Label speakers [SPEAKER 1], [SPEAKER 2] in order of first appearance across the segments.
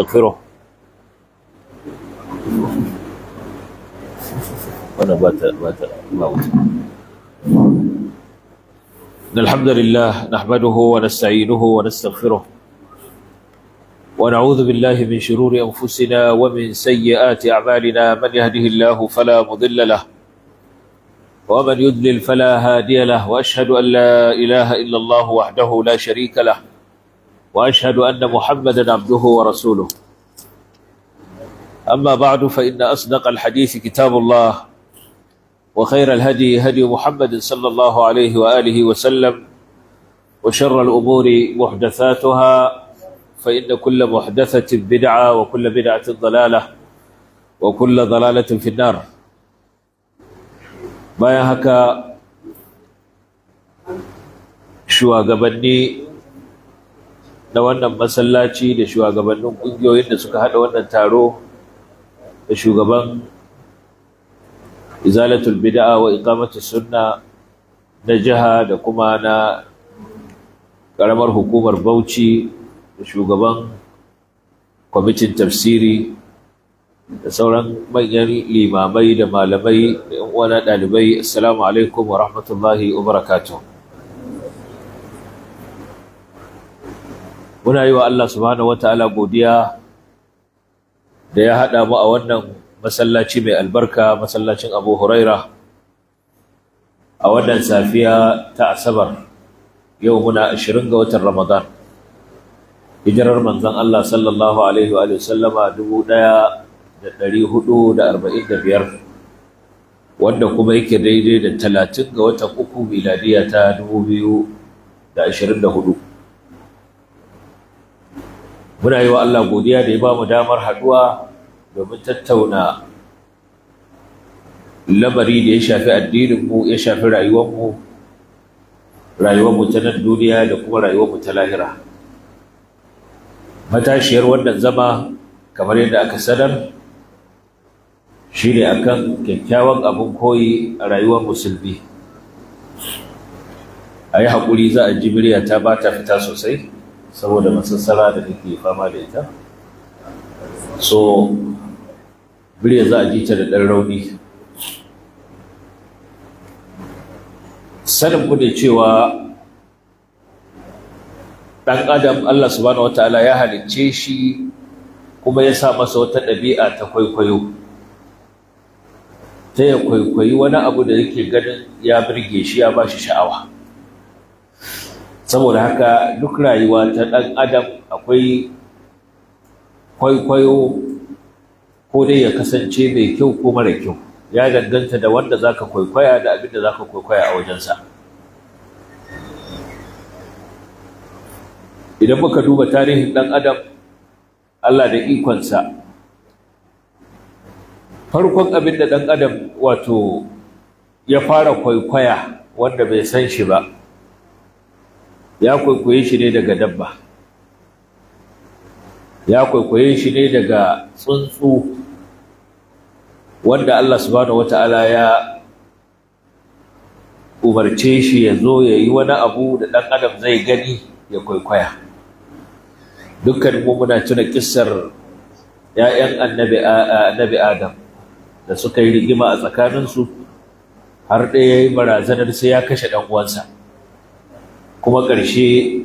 [SPEAKER 1] تغفره وانا بات بات موت ان الحمد لله نحمده ونستعينه ونستغفره ونعوذ بالله من شرور انفسنا ومن سيئات اعمالنا من يهده الله فلا مضل له ومن يضلل فلا هادي له واشهد ان لا اله الا الله وحده لا شريك له واشهد ان محمدا عبده ورسوله اما بعد فان اصدق الحديث كتاب الله وخير الهدي هدي محمد صلى الله عليه واله وسلم وشر الامور محدثاتها فان كل محدثه بدعه وكل بدعه ضلاله وكل ضلاله في النار بايا هكا shugabanni na wannan masallaci da shugabannin ƙungiyoyin da suka haɗa wannan taro da shugaban izalatul bid'a wa iqamatu sunna na jiha da kuma na ƙaramar hukumar bauchi da shugaban kwamitin tafsiri da sauran manyan limamai da malamai da 'yan uwana ɗalibai assalamu alaikum wa rahmatullahi wa barakatuh muna yi wa Allah subhanahu wataala godiya da ya haɗa mu a wannan masallaci mai albarka masallacin Abu Huraira a wannan safiya ta Asabar yau muna ashirin ga watan Ramadan hijirar manzon Allah sallallahu alaihi wa sallama biyar, wanda kuma yake daidai da talatin ga watan uku miladiya ta dubu biyu da ashirin da hudu muna yi wa Allah godiya da ya ba mu damar haɗuwa domin tattauna lamari da ya shafi addininmu ya shafi rayuwarmu rayuwarmu ta nan duniya da kuma rayuwarmu ta lahira matashiyar wannan zama kamar yadda aka sanar shi ne akan kyakkyawan abin koyi a rayuwar musulmi a yi haƙuri za a ji murya ta ba ta fita sosai saboda masassara da take fama da ita so bire za a ji ta da ɗan rauni sanin ku cewa ɗan adam Allah subhanahu wataala ya halicce shi kuma ya sa masa wata ɗabi'a ta kwaikwayo ta ya kwaikwayi wani abu da yake ganin ya birge shi ya ba shi sha'awa saboda haka duk rayuwa ta ɗan adam akwai kwaikwayo ko dai ya kasance mai kyau ko mara kyau ya danganta da wanda zaka kwaikwaya da abin da zaka kwaikwaya a wajensa idan muka duba tarihin ɗan adam Allah da ikonsa farkon abin da ɗan adam wato ya fara kwaikwaya wanda bai san shi ba ya kwaikwaye shi ne daga dabba ya kwaikwaye shi ne daga tsuntsu wanda Allah subhanahu wata'ala ya umarce shi ya zo ya yi wani abu da ɗan adam zai gani ya kwaikwaya dukkan mu muna tuna kissar ‘ya'yan annabi adam da suka yi rigima a tsakaninsu har ɗaya ya yi barazanar sai ya kashe ɗan uwansa kuma ƙarshe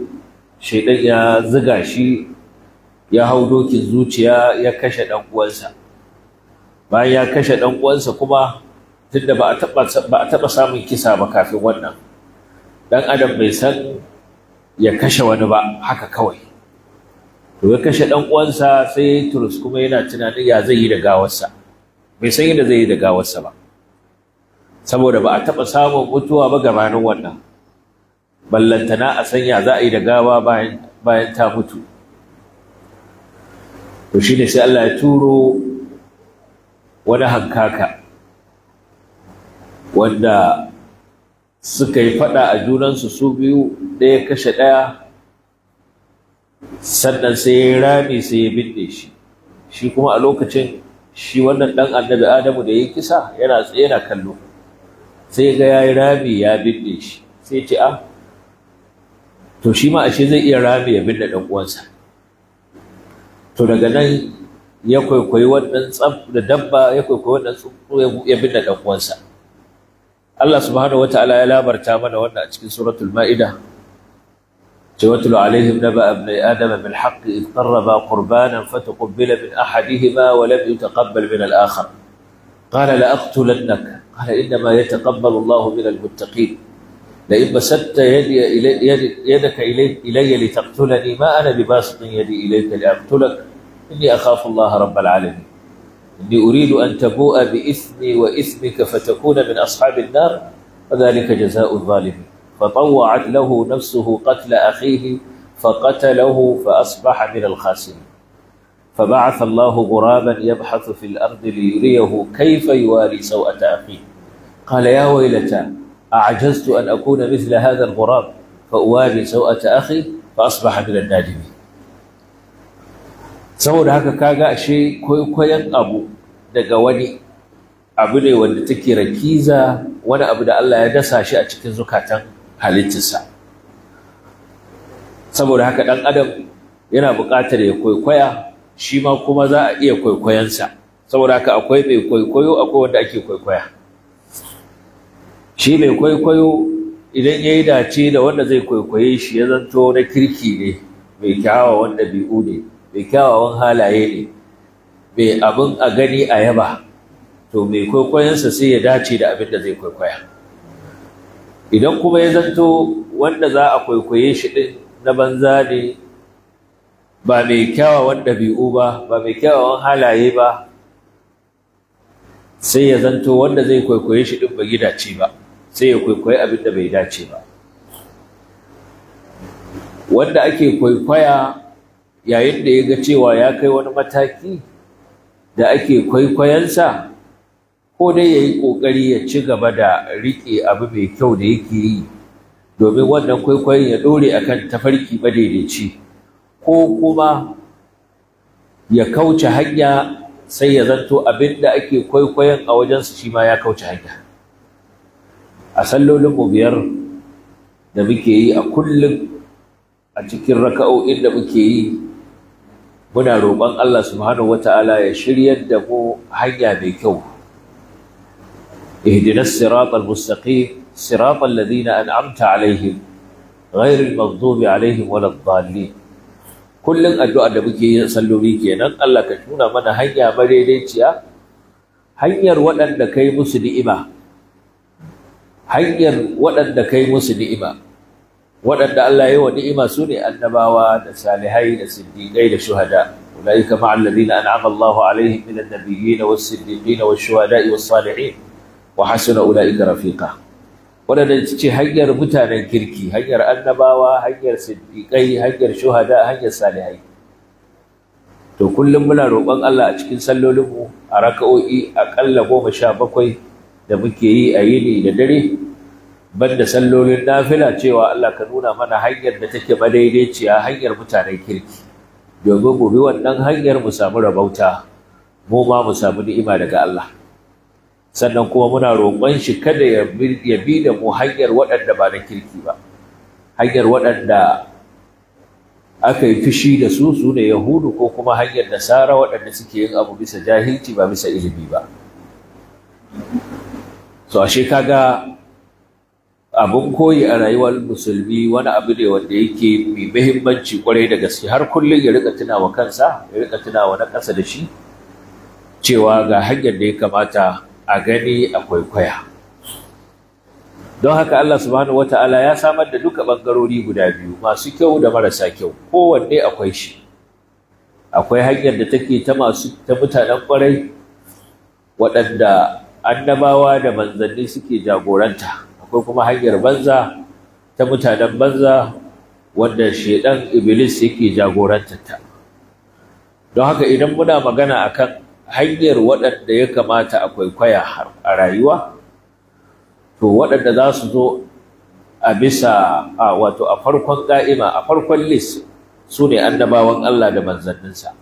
[SPEAKER 1] shaidan ya ziga shi ya hau dokin zuciya ya kashe ɗan uwansa bayan ya kashe ɗan uwansa kuma tunda ba a taɓa samun kisa ba kafin wannan ɗan adam bai san ya kashe wani ba haka kawai to ya kashe ɗan uwansa sai turus kuma yana tunanin ya zai yi da gawarsa bai san yadda zai yi da gawarsa ba saboda ba a taɓa samun mutuwa ba gabanin wannan ballantana a sanya za a yi da gawa bayan ta mutu to shi ne sai Allah ya turo wani hankaka wanda suka yi faɗa a junansu su biyu ɗaya kashe ɗaya sannan sai ya rami sai ya binne shi shi kuma a lokacin shi wannan ɗan annabi adamu da ya kisa yana tsaye kallo sai ga ya yi rami ya binne shi sai ce ah to shi ma ashe zai iya rame ya binne ɗan uwansa to daga nan ya kwaikwayi wannan tsaf da dabba ya kwaikwayi wannan tsuntsu ya binne ɗan uwansa Allah subhanahu wataala ya labarta mana wannan a cikin suratul ma'ida واتل عليهم نبأ ابن آدم بالحق إذ قربا قربانا فتقبل من أحدهما ولم يتقبل من الآخر قال لأقتلنك قال إنما يتقبل الله من المتقين لئن بسطت يدي إلي يدك إلي, إلي لتقتلني ما أنا بباسط يدي إليك لأقتلك إني أخاف الله رب العالمين إني أريد أن تبوء بإثمي وإثمك فتكون من أصحاب النار وذلك جزاء الظالمين فطوعت له نفسه قتل أخيه فقتله فأصبح من الخاسرين فبعث الله غرابا يبحث في الأرض ليريه كيف يواري سوءة أخيه قال يا ويلتا أعجزت أن أكون مثل هذا الغراب فأواري سوءة أخي فأصبح من النادمين saboda haka kaga ashe kwaikwayon abu daga wani abu ne wanda take rakiza wani abu da Allah ya dasa shi a cikin zukatan halittarsa saboda haka ɗan adam yana buƙatar ya kwaikwaya shi ma kuma za a iya kwaikwayonsa saboda haka akwai mai kwaikwayo akwai wanda ake kwaikwaya shi mai kwaikwayo idan ya yi dace da wanda zai kwaikwaye shi ya zanto na kirki ne mai kyawawan ɗabi'u ne mai kyawawan halaye ne mai abin a gani a yaba to mai kwaikwayonsa sai ya dace da abin da zai kwaikwaya idan kuma ya zanto wanda za a kwaikwaye shi ɗin na banza ne ba mai kyawawan ɗabi'u ba ba mai kyawawan halaye ba sai ya zanto wanda zai kwaikwaye shi ɗin ba gidace ba sai ya kwaikwayi abin da bai dace ba wanda ake kwaikwaya yayin da ya ga cewa ya kai wani mataki da ake kwaikwayansa ko dai ya yi ƙoƙari ya ci gaba da riƙe abu mai kyau da yake yi domin wannan kwaikwayon ya ɗore akan tafarki madaidaici ko kuma ya kauce hanya sai ya zanto abin da ake kwaikwayon a wajensu shi ma ya kauce hanya a sallolin mu biyar da muke yi a kullum a cikin raka'o'in da muke yi muna roƙon Allah subhanahu wata'ala ya shiryar da mu hanya mai kyau ihdinas siratal mustaqim siratal ladina an'amta alaihim ghairil maghdubi alaihim waladdallin kullun addu'a da muke yi salloli kenan Allah ka tuna mana hanya madaidaiciya hanyar waɗanda kai musu ni'ima hanyar waɗanda kai musu ni'ima waɗanda Allah ya yi wa ni'ima su ne annabawa da salihai da siddiƙai da shuhada ulaika ma alladhina an'ama Allahu alaihim min an-nabiyyin siddiqin wash-shuhada'i was-salihin wa hasuna ulaika rafiqa waɗanda ce hanyar mutanen kirki hanyar annabawa hanyar siddiƙai hanyar shuhada hanyar salihai to kullum muna roƙon Allah a cikin sallolinmu a raka'o'i aƙalla goma sha bakwai da muke yi a yini da dare banda sallolin nafila cewa Allah ka nuna mana hanyar da take a hanyar mutanen kirki domin mu wannan hanyar mu samu rabauta mu ma mu samu ni'ima daga Allah sannan kuma muna roƙon shi kada ya bi da mu hanyar waɗanda ba na kirki ba hanyar waɗanda aka yi fishi da su su da yahudu ko kuma hanyar da Sara waɗanda suke yin abu bisa jahilci ba bisa ilimi ba so ashe kaga abin koyi a rayuwar musulmi wani abu ne wanda yake mai muhimmanci kwarai da gaske har kullum ya rika tuna wa kansa ya rika tuna wa na ƙasa da shi cewa ga hanyar da ya kamata a gani a kwaikwaya don haka Allah subhanahu wata'ala ya samar da duka bangarori guda biyu masu kyau da marasa kyau kowanne akwai shi akwai hanyar da take ta masu ta mutanen kwarai waɗanda annabawa da manzanni suke jagoranta akwai kuma hanyar banza ta mutanen banza wanda shedan iblis yake ta. don haka idan muna magana akan hanyar waɗanda ya kamata a kwaikwaya a rayuwa to waɗanda za su zo a bisa a wato a farkon ƙa'ima a farkon lis, su ne annabawan Allah da manzanninsa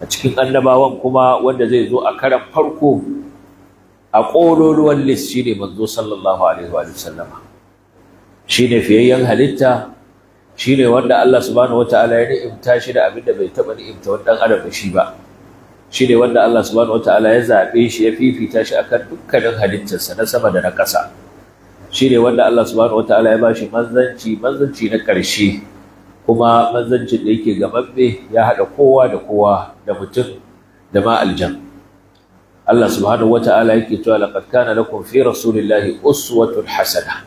[SPEAKER 1] a cikin annabawan kuma wanda zai zo a karan farko a ƙololuwan shi ne manzo sallallahu alaihi wa sallama ne fiyayyen halitta Shi ne wanda Allah subhanahu ala ya ni'imta shi da abin da bai taɓa ni'imta wani ɗan adam da shi ba Shi ne wanda Allah subhanahu ala ya zaɓe shi ya fifita shi akan dukkanin halittarsa na sama da na ƙasa Shi ne wanda Allah subhanahu ala ya bashi manzanci manzanci na ƙarshe kuma manzancin da yake gababbe ya haɗa kowa da kowa da mutum da ma aljanna Allah subhanahu wata'ala yake cewa laqad kana lakum fi rasulillahi uswatun hasana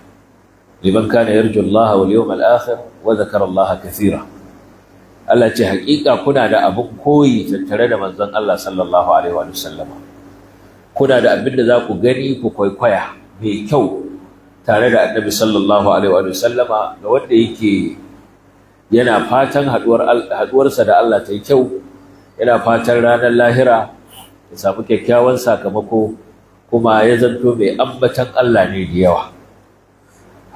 [SPEAKER 1] liman kana yarju Allah wal yawmal akhir wa dhakara Allah kathira Allah ce hakika kuna da abun koyi tattare da manzon Allah sallallahu alaihi wa sallam. kuna da abin da za ku gani ku kwaikwaya mai kyau tare da annabi sallallahu alaihi wa sallam. ga wanda yake yana fatan haduwar haduwarsa da Allah ta yi kyau yana fatan ranar lahira ya samu kyakkyawan sakamako kuma ya zanto mai ambatan Allah ne da yawa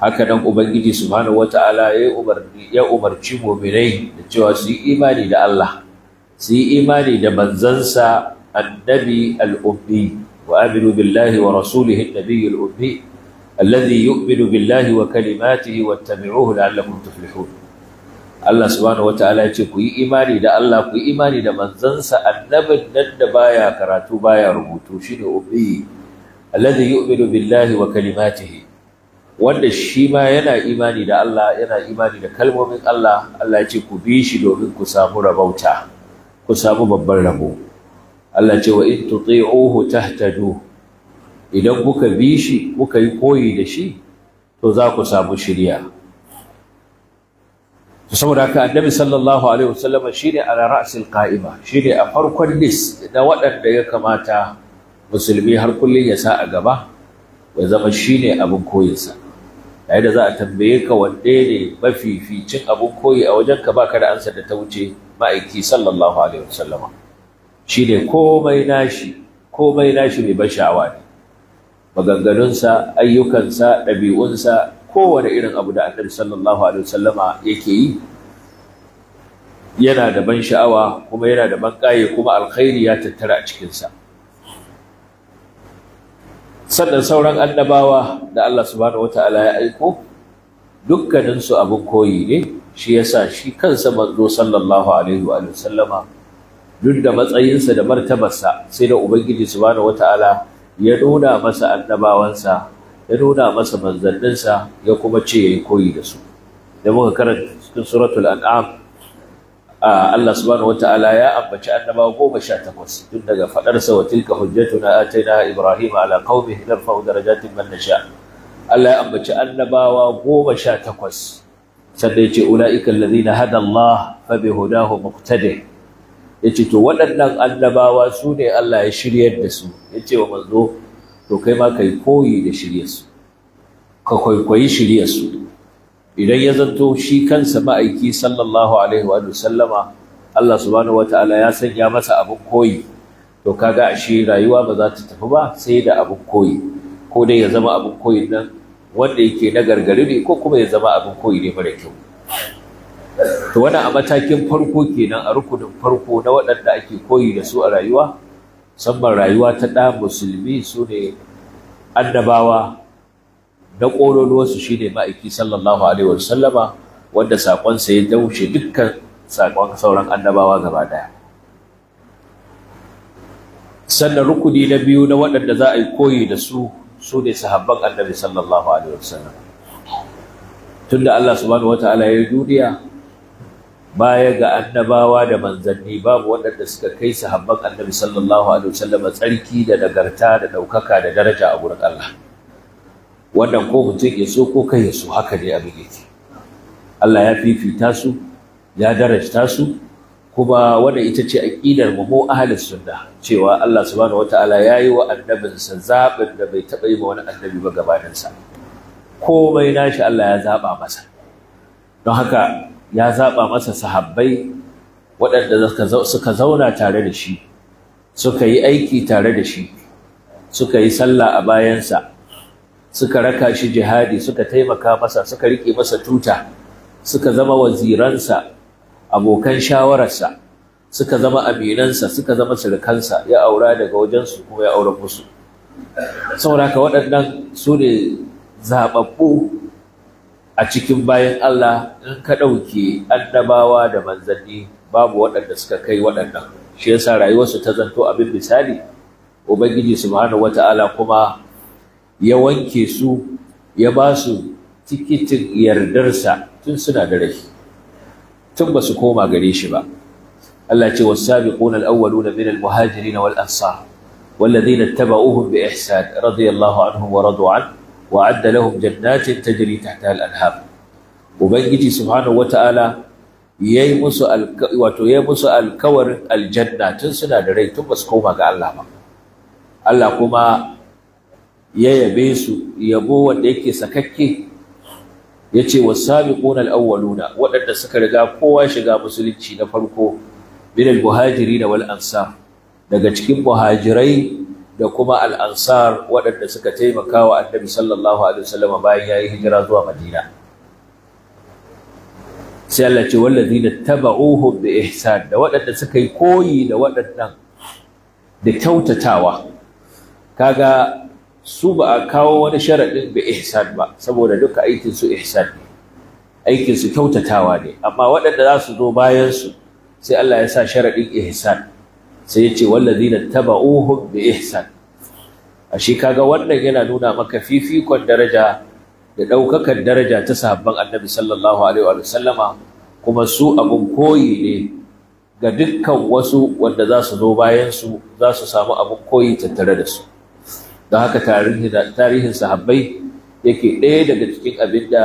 [SPEAKER 1] haka nan ubangiji subhanahu wataala ya umarni ya umarci mu'minai da cewa su yi imani da Allah su yi imani da manzansa annabi al-ummi wa aminu billahi wa rasulihi an-nabiy al-ummi alladhi yu'minu billahi wa kalimatihi wattabi'uhu la'allakum tuflihun Allah subhanahu wataala ya ce ku yi imani da Allah ku yi imani da manzansa annabin nan da baya karatu baya rubutu shine ummi alladhi yu'minu billahi wa kalimatihi wanda shi ma yana imani da Allah yana imani da kalmomin Allah Allah ya ce ku bi shi domin ku samu rabauta ku samu babban rabo Allah ya ce wa in tuti'uhu tahtadu idan kuka bi shi kuka yi koyi da shi to za ku samu shiriya saboda haka annabi sallallahu alaihi wasallam shine ala ra'sil qa'ima shine a farkon list na waɗanda ya kamata musulmi har kullun ya sa a gaba ya zama shine abin koyinsa yayin da za a tambaye ka wanne ne mafificin abin koyi a wajen ka baka da ansa da ta wuce ma'aiki sallallahu alaihi wasallam shine komai nashi komai nashi mai ban sha'awa ne maganganunsa ayyukansa ɗabi'unsa kowane irin abu da annabi sallallahu alaihi wasallama yake yi yana da ban sha'awa kuma yana da ban ƙaye kuma alkhairi ya tattara a cikinsa sannan sauran annabawa da Allah subhanahu wata'ala ya aiko dukkaninsu abin koyi ne shi yasa shi kansa manzo sallallahu alaihi wa sallama duk da matsayinsa da martabarsa sai da ubangiji subhanahu wata'ala ya nuna masa annabawansa ya nuna masa manzanninsa ya kuma ce ya yi koyi da su da muka karanta cikin suratul an'am Allah subhanahu wataala ya ambaci annabawa goma sha takwas tun daga faɗarsa Watilka tilka na ataina ibrahim ala qaumihi narfa'u darajatin man nasha Allah ya ambaci annabawa goma sha takwas sannan ya ce ula'ika na hada Allah fa bihudahu muqtadi yace to waɗannan annabawa su ne Allah ya shiryar da su yace wa manzo to kai ma ka yi koyi da shiryarsu ka kwaikwayi shiryarsu idan ya zanto shi kansa ma'aiki sallallahu alaihi wa sallama Allah subhanahu Ta'ala, ya sanya masa abin koyi to kaga ashe rayuwa ba za ta tafi ba sai da abin koyi ko dai ya zama abin koyi nan wanda yake na gargari ne ko kuma ya zama abin koyi ne mara kyau to wannan a matakin farko kenan a rukunin farko na waɗanda ake koyi da su a rayuwa musamman rayuwa ta ɗa musulmi su ne annabawa na ƙololuwarsu shi ne ma'aiki sallallahu alaihi wasallama wanda saƙonsa ya daushe dukkan saƙon sauran annabawa gaba ɗaya sannan rukuni na biyu na waɗanda za a yi koyi da su su ne sahabban annabi sallallahu alaihi wasallam tunda Allah subhanahu ta'ala ya yi duniya baya ga annabawa da manzanni babu waɗanda suka kai su sahabban annabi sallallahu alaihi wasallam tsarki da nagarta da ɗaukaka da daraja a gurin Allah wannan ko mutum ya so ko kai ya so haka ne abin yake Allah ya fifita su ya darajta su kuma wanda ita ce aqidar mu mu ahlus sunna cewa Allah subhanahu wataala yi wa sa zabin da bai taɓa yi wa wani annabi ba sa, komai nashi Allah ya zaba masa don haka ya zaba masa sahabbai waɗanda suka zauna tare da shi suka yi aiki tare da shi suka yi sallah a bayansa suka raka shi jihadi suka taimaka masa suka riƙe masa tuta suka zama waziransa abokan shawararsa suka zama aminansa suka zama surukansa, ya aura daga wajensu kuma ya aura musu saboda haka waɗannan su ne zaɓaɓɓu a cikin bayan Allah in ka ɗauke annabawa da manzanni babu waɗanda suka kai waɗannan shi yasa rayuwarsu ta zanto abin misali ubangiji subhanahu wata'ala kuma ya wanke su ya ba su tikitin yardarsa tun suna da rai tun ba su koma gare shi ba Allah ce was-sabiquna al-awwaluna min al-muhajirin wal-ansar والذين اتبعوهم بإحسان رضي الله عنهم ورضوا عنه وعد لهم جنات تجري تحتها الأنهار وبنجي سبحانه وتعالى yayi musu wato yayi musu alkawarin aljanna tun suna da rai tun basu koma ga Allah ba Allah kuma ya yabe su yabo wanda yake sakakke yace wasabiquna alawwaluna waɗanda suka riga kowa shiga musulunci na farko min almuhajirin da ansar daga cikin muhajirai da kuma al'ansar waɗanda suka taimaka wa annabi sallallahu alaihi bayan ya yi hijira zuwa madina sai Allah ce wallazi da taba'uhum bi ihsan da waɗanda suka yi koyi da waɗannan da kyautatawa kaga su ba a kawo wani sharaɗin bi ihsan ba saboda duka aikinsu ihsan ne Aikinsu kyautatawa ne amma waɗanda za su zo bayan su sai Allah ya sa sharaɗin ihsan sai ya ce wallazina taba'uhum bi ihsan ashe kaga wannan yana nuna maka fifikon daraja da ɗaukakan daraja ta sahabban annabi sallallahu alaihi wa sallama kuma su abun koyi ne ga dukkan wasu wanda za su zo bayan su za su samu abin koyi tattare da su don haka tarihin sahabbai yake ɗaya daga cikin abin da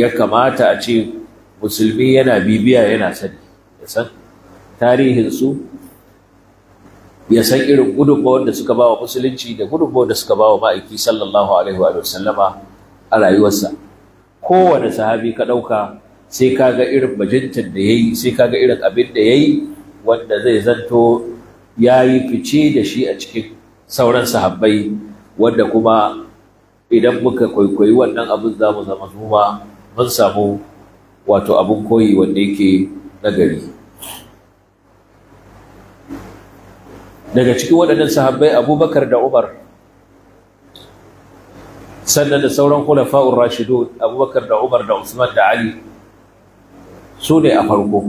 [SPEAKER 1] ya kamata a ce musulmi yana bibiya yana sani ya san tarihinsu ya san irin gudunmawar da suka ba wa musulunci da gudunmawar da suka ba wa ma'aiki sallallahu alaihi wa sallama a rayuwarsa kowane sahabi ka ɗauka sai ka ga irin bajintar da ya yi sai ka ga irin abin da ya yi wanda zai zanto ya yi fice da shi a cikin sauran sahabbai wanda kuma idan muka kwaikwayi wannan abin za mu zama mu mun samu wato abin koyi wanda yake nagari. daga cikin waɗannan sahabbai abubakar da umar sannan da sauran kulafa'ur rashidu abubakar da umar da usman da ali su ne a farko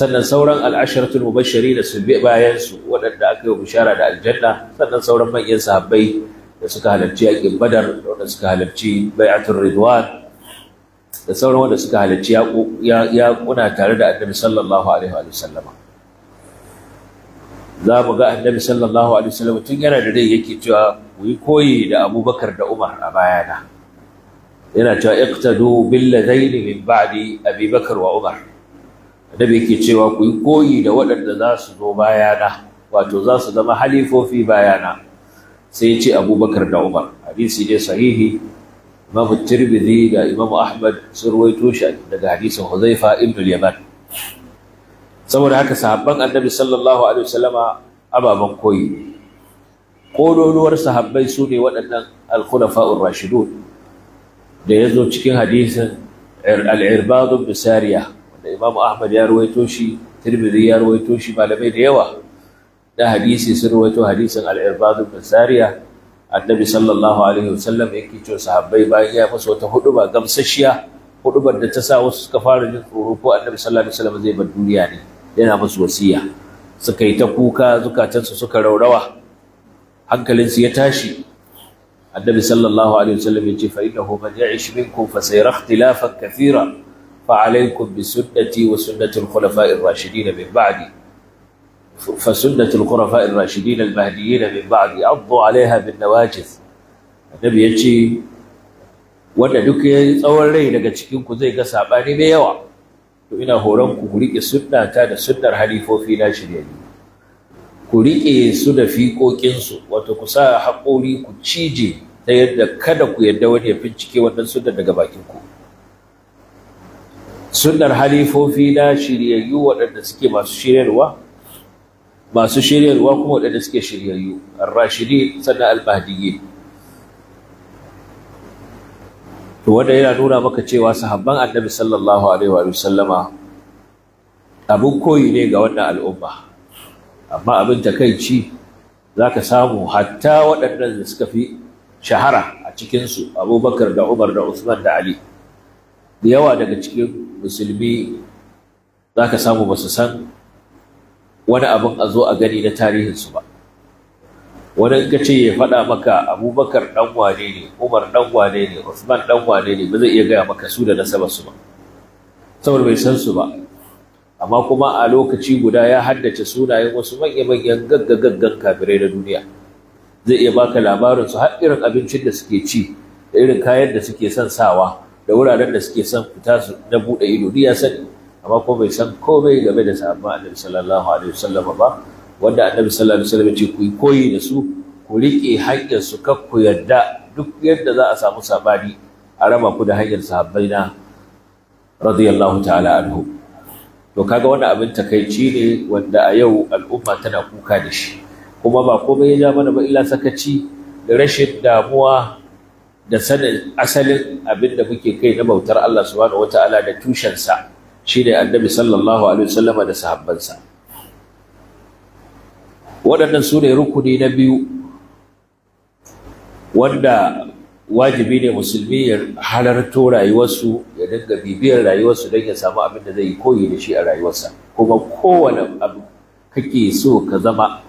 [SPEAKER 1] sannan sauran al'asharatul mubashiri da su bayan su waɗanda aka yi bishara da aljanna sannan sauran manyan sahabbai da suka halarci yaƙin badar da wanda suka halarci Bayatun ridwan da sauran wanda suka halarci yaƙuna tare da annabi sallallahu alaihi wa sallama za mu ga annabi sallallahu alaihi wasallam tun yana da rai yake cewa ku yi koyi da abubakar da umar a bayana yana cewa iqtadu billa min ba'di abubakar wa umar annabi yake cewa ku yi koyi da waɗanda za su zo bayana wato za su zama halifofi bayana sai ya ce abubakar da umar hadisi ne sahihi imamu tirmidhi da imam ahmad sun rawaito shi daga hadisin huzaifa ibn al-yaman saboda haka sahabban annabi sallallahu alaihi wasallama ababan koyi kololuwar sahabbai su ne waɗannan al rashidun da ya zo cikin hadisin al bisariya. wanda imamu ahmad ya ruwaito shi tirmidhi ya ruwaito shi malamai da yawa da hadisi sun ruwaito hadisin al bisariya, annabi sallallahu alaihi wasallam yake cewa sahabbai bayan ya masa wata huduba gamsashiya hudubar da ta sa wasu suka fara jin tsoro ko annabi sallallahu alaihi wasallam zai bar duniya ne yana musu wasiya suka yi ta kuka zukatansu suka raurawa hankalinsu ya tashi annabi sallallahu alaihi wasallam ya ce fa innahu man ya'ish minkum fa sayara ikhtilafan kathira fa alaykum bi sunnati wa sunnati al-khulafa'ir rashidin min ba'di fa sunnati al-khulafa'ir rashidin al-mahdiyyin min ba'di addu 'alayha bin nawajidh annabi ya ce wanda duk ya tsawon rai daga cikin ku zai ga sabani mai yawa to ina horon ku ku riƙe sunnata da sunnar halifofi na shiryayyu ku riƙe su da fiƙoƙinsu wato ku sa haƙori ku cije ta yadda kada ku yadda wani ya bincike wannan sunnar daga bakin ku sunnar halifofi na shiryayyu waɗanda suke masu shiryarwa masu shiryarwa kuma waɗanda suke shiryayyu ar-rashidin sannan al to wanda yana nuna maka cewa sahabban annabi sallallahu alaihi wa sallama abin koyi ne ga wannan al'umma amma abin takaici za ka samu hatta waɗannan da suka fi shahara a cikinsu abubakar da umar da usman da ali da yawa daga cikin musulmi za ka samu ba su san wani abin a zo a gani na tarihinsu ba wani in ka ce ya faɗa maka abubakar ɗan wane ne umar ɗan wane ne usman ɗan wane ne ba zai iya gaya maka su da nasaba su ba saboda bai san su ba amma kuma a lokaci guda ya haddace sunayen wasu manya-manyan gaggagaggan kafirai na duniya zai iya baka labarin su har irin abincin da suke ci da irin kayan da suke son sawa da wuraren da suke son fita su na buɗe ido ya sani amma kuma bai san komai game da sahabban annabi sallallahu alaihi wasallam ba wanda annabi sallallahu alaihi wasallam ya ce ku koyi da su ku rike haƙƙin su kar ku yarda duk yadda za a samu sabani a raba ku da haƙƙin sahabbai na radiyallahu ta'ala anhu to kaga wannan abin takaici ne wanda a yau al'umma tana kuka da shi kuma ba komai ya ja mana ba illa sakaci da rashin damuwa da sanin asalin abin da muke kai na bautar Allah subhanahu wataala da tushensa shine annabi sallallahu alaihi wasallam da sahabbansa waɗannan su ne rukuni na biyu wanda wajibi ne musulmi ya halarto rayuwarsu ya dinga bibiyar rayuwarsu don ya samu abin da zai yi koyi da shi a rayuwarsa kuma kowane abu kake so ka zama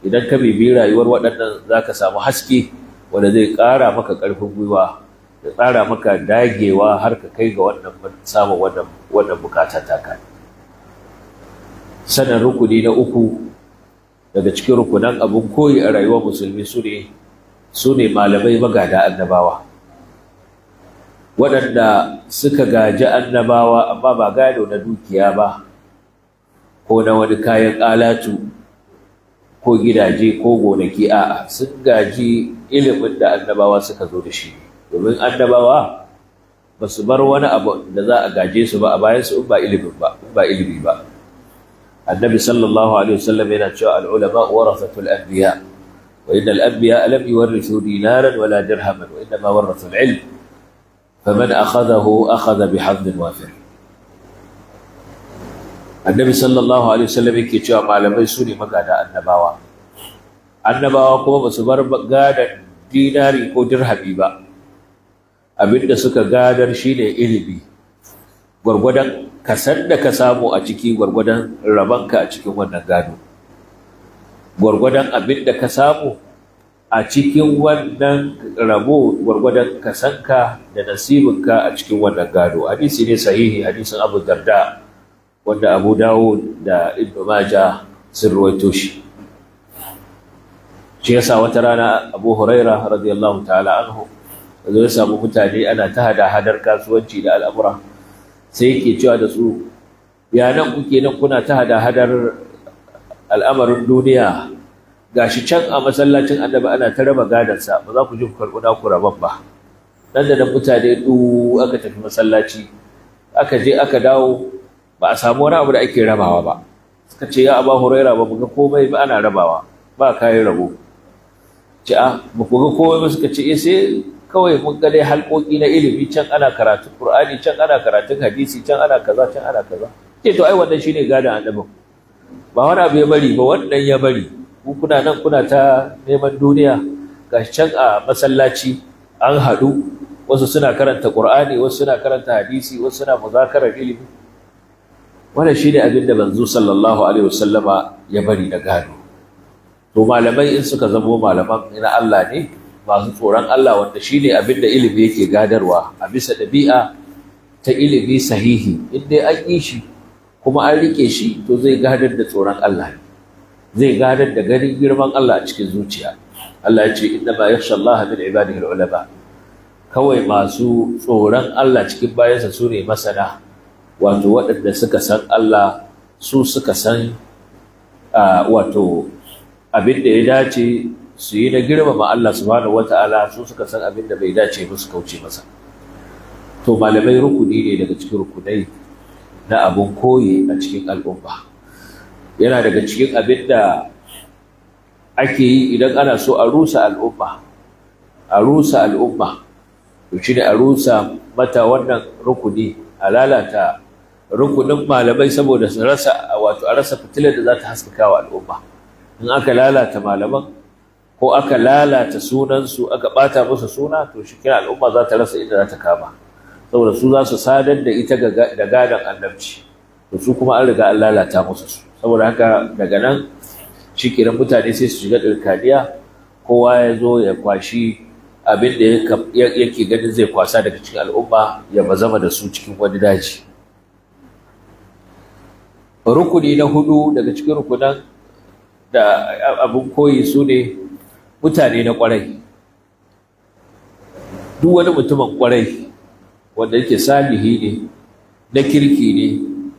[SPEAKER 1] idan ka bibi rayuwar waɗannan za ka samu haske wanda zai ƙara maka ƙarfin gwiwa da ƙara maka dagewa har ka kai ga wannan samun wannan bukatar taka Sanin rukuni na uku daga cikin rukunan abin koyi a rayuwar musulmi su ne malamai magada annabawa waɗanda suka gaji annabawa amma ba gado na dukiya ba ko na wani kayan alatu ko gidaje ko gonaki a'a sun gaji ilimin da annabawa suka zo da shi domin annabawa ba su bar wani abu da za a gaje su ba a bayan su in ba ilimin ba ba ilimi ba annabi sallallahu alaihi wasallam yana cewa al'ulama warathatul anbiya wa inna al anbiya lam yuwarithu dinaran wala dirhaman wa inna ma warathu al ilm faman akhadhahu akhadha bi hadd wafir annabi sallallahu alaihi wasallam yake cewa malamai su ne magada annabawa annabawa kuma ba su bar gada dinari ko dirhami ba abinda suka gadar shine ilimi gwargwadon ka san da ka samu a ciki gwargwadon rabanka a cikin wannan gado gwargwadon abin da ka samu a cikin wannan rabo gwargwadon ka da nasibinka a cikin wannan gado hadisi ne sahihi hadisin abu darda wanda abu dawo da ibnu maja sun ruwaito shi shi yasa wata rana abu huraira radiyallahu ta'ala anhu zai ya samu mutane ana ta hada hadar kasuwanci da al'amura sai yake cewa da su ya nan kuke nan kuna ta hada-hadar al'amarin duniya gashi can a masallacin annabi ana ta raba gadansa ba za ku ji ku karɓi naku rabon ba nan da nan mutane du aka tafi masallaci aka je aka dawo ba a samu wani abu da ake rabawa ba suka ce ya aba huraira ba mu ga komai ba ana rabawa ba kayan rabo ce a ah, ba ku ga komai ba suka ce eh, sai kawai mun ga dai halƙoƙi na ilimi can ana karatun ƙur'ani can ana karatun hadisi can ana kaza can ana kaza ce eh to ai wannan shine gadon annabin ba wani abu ya bari ba wannan ya bari ku kuna nan kuna ta neman duniya ga can a masallaci an haɗu wasu suna karanta ƙur'ani wasu suna karanta hadisi wasu suna muzakarar ilimi wannan shine abin da manzo sallallahu alaihi wasallama ya bari da gado to malamai in suka zamo malaman na Allah ne masu tsoron Allah wanda shi ne abin da ilimi yake gadarwa a bisa ɗabi'a ta ilimi sahihi in an yi shi kuma an rike shi to zai gadar da tsoron Allah zai gadar da ganin girman Allah a cikin zuciya Allah ya ce inna ma yakhsha Allah min ibadihi ba. kawai masu tsoron Allah cikin bayansa su ne masana wato waɗanda suka san Allah su suka san ah, wato abin da ya dace su yi na girmama Allah su subhanahu wata'ala su suka san abin da bai dace ba su kauce masa to malamai rukuni ne daga cikin rukunai na abun koyi a cikin al'umma yana daga cikin abin da ake yi idan ana so a rusa al'umma a rusa al'umma to shi ne a rusa mata wannan rukuni a lalata rukunin malamai saboda su rasa wato a rasa fitilar da za ta haskaka wa al'umma in aka lalata malaman ko aka lalata sunansu aka ɓata musu suna to shi kira al'umma za ta rasa inda za ta kama saboda su za su sadar da ita da gadon annabci to su kuma an riga an lalata musu su saboda haka daga nan shi mutane sai su shiga ɗirkaniya kowa ya zo ya kwashi abin da yake ganin zai kwasa daga cikin al'umma ya bazama da su cikin wani daji rukuni na hudu daga cikin rukunan da abin koyi su ne mutane na kwarai duk wani mutumin kwarai wanda yake salihi ne na kirki ne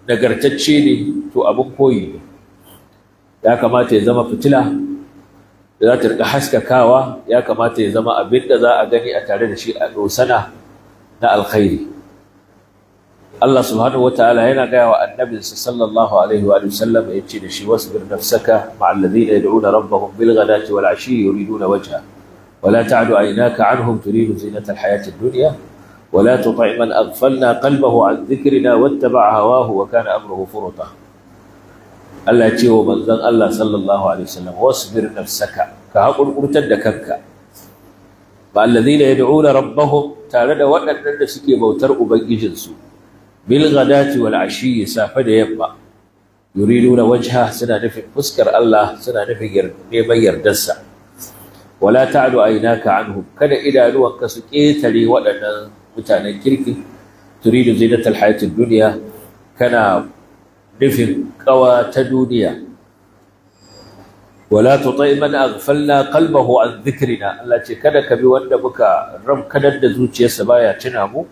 [SPEAKER 1] nagartacce ne to abin koyi ne ya kamata ya zama fitila da za ta riƙa haskakawa ya kamata ya zama abin da za a gani a tare da shi a dosana na alkhairi Allah subhanahu ta'ala yana gaya wa annabinsa sallallahu alaihi wa sallam ya ce da shi wasu wasbir nafsaka ma'a alladhina yad'una rabbahum bil ghadati wal ashi yuriduna wajha wala ta'du aynaka anhum turidu zinata al hayati ad-dunya wala tuti' man aghfalna qalbahu an dhikrina wattaba'a hawahu wa kana amruhu furuta Allah ce wa manzon Allah sallallahu alaihi wa sallam wasu wasbir nafsaka ka hakurkurtar da kanka da yadda una rabbahum tare da waɗannan da suke bautar ubangijinsu bilgadati wal ashi safe da yamma yuriduna wajha suna nufin fuskar Allah suna nufin neman yardarsa wala ta'du aynaka anhu kada ka su ketare waɗannan mutanen kirki turidu zinatal hayatid dunya kana nufin kawa ta duniya wala tuti man aghfalna qalbahu an dhikrina Allah ce kada ka bi wanda muka ramkadar da zuciyarsa baya tuna mu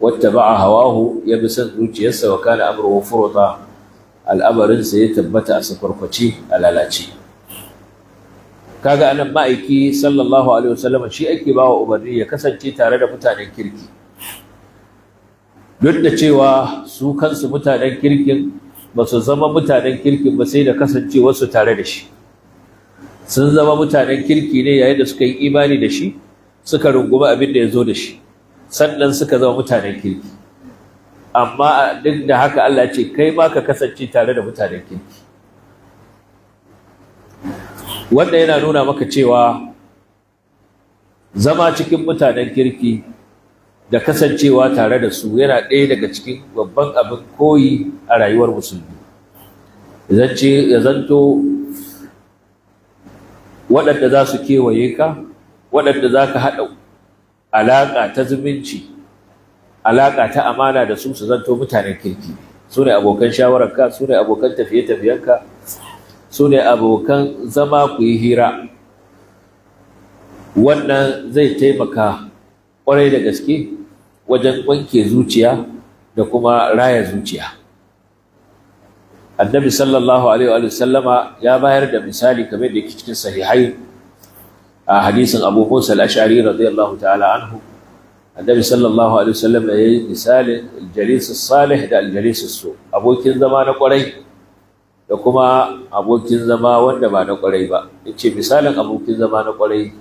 [SPEAKER 1] wattaba'a hawahu ya fi san zuciyarsa wa kana amruhu furuta al'amarin sa ya tabbata a sakwarkwace a lalace kaga anan ma'aiki sallallahu alaihi wasallam shi ake bawa umarni ya kasance tare da mutanen kirki duk da cewa su kansu mutanen kirkin ba su zama mutanen kirkin ba sai da kasance wasu tare da shi sun zama mutanen kirki ne yayin da suka yi imani da shi suka rungumi abin da ya zo da shi sannan suka zama mutanen kirki amma duk da haka Allah ce kai ma ka kasance tare da mutanen kirki wanda yana nuna maka cewa zama cikin mutanen kirki da kasancewa tare da su yana ɗaya daga cikin babban abin koyi a rayuwar musulmi ya zanto waɗanda za su kewaye ka waɗanda za ka haɗa alaƙa ta zumunci alaƙa ta amana da su su zanto mutanen kirki su ne abokan shawararka su ne abokan tafiye-tafiyenka su ne abokan zama ku yi hira wannan zai taimaka ƙwarai da gaske wajen wanke zuciya da kuma raya zuciya annabi sallallahu alaihi wa sallama ya bayar da misali kamar da yake cikin sahihai a hadisin Abu Musa al'ashari radiyallahu ta'ala anhu annabi sallallahu alaihi wasallam ya yi misali al salih da al-jalis su abokin zama na kwarai da kuma abokin zama wanda ba na kwarai ba In ce misalin abokin zama na kwarai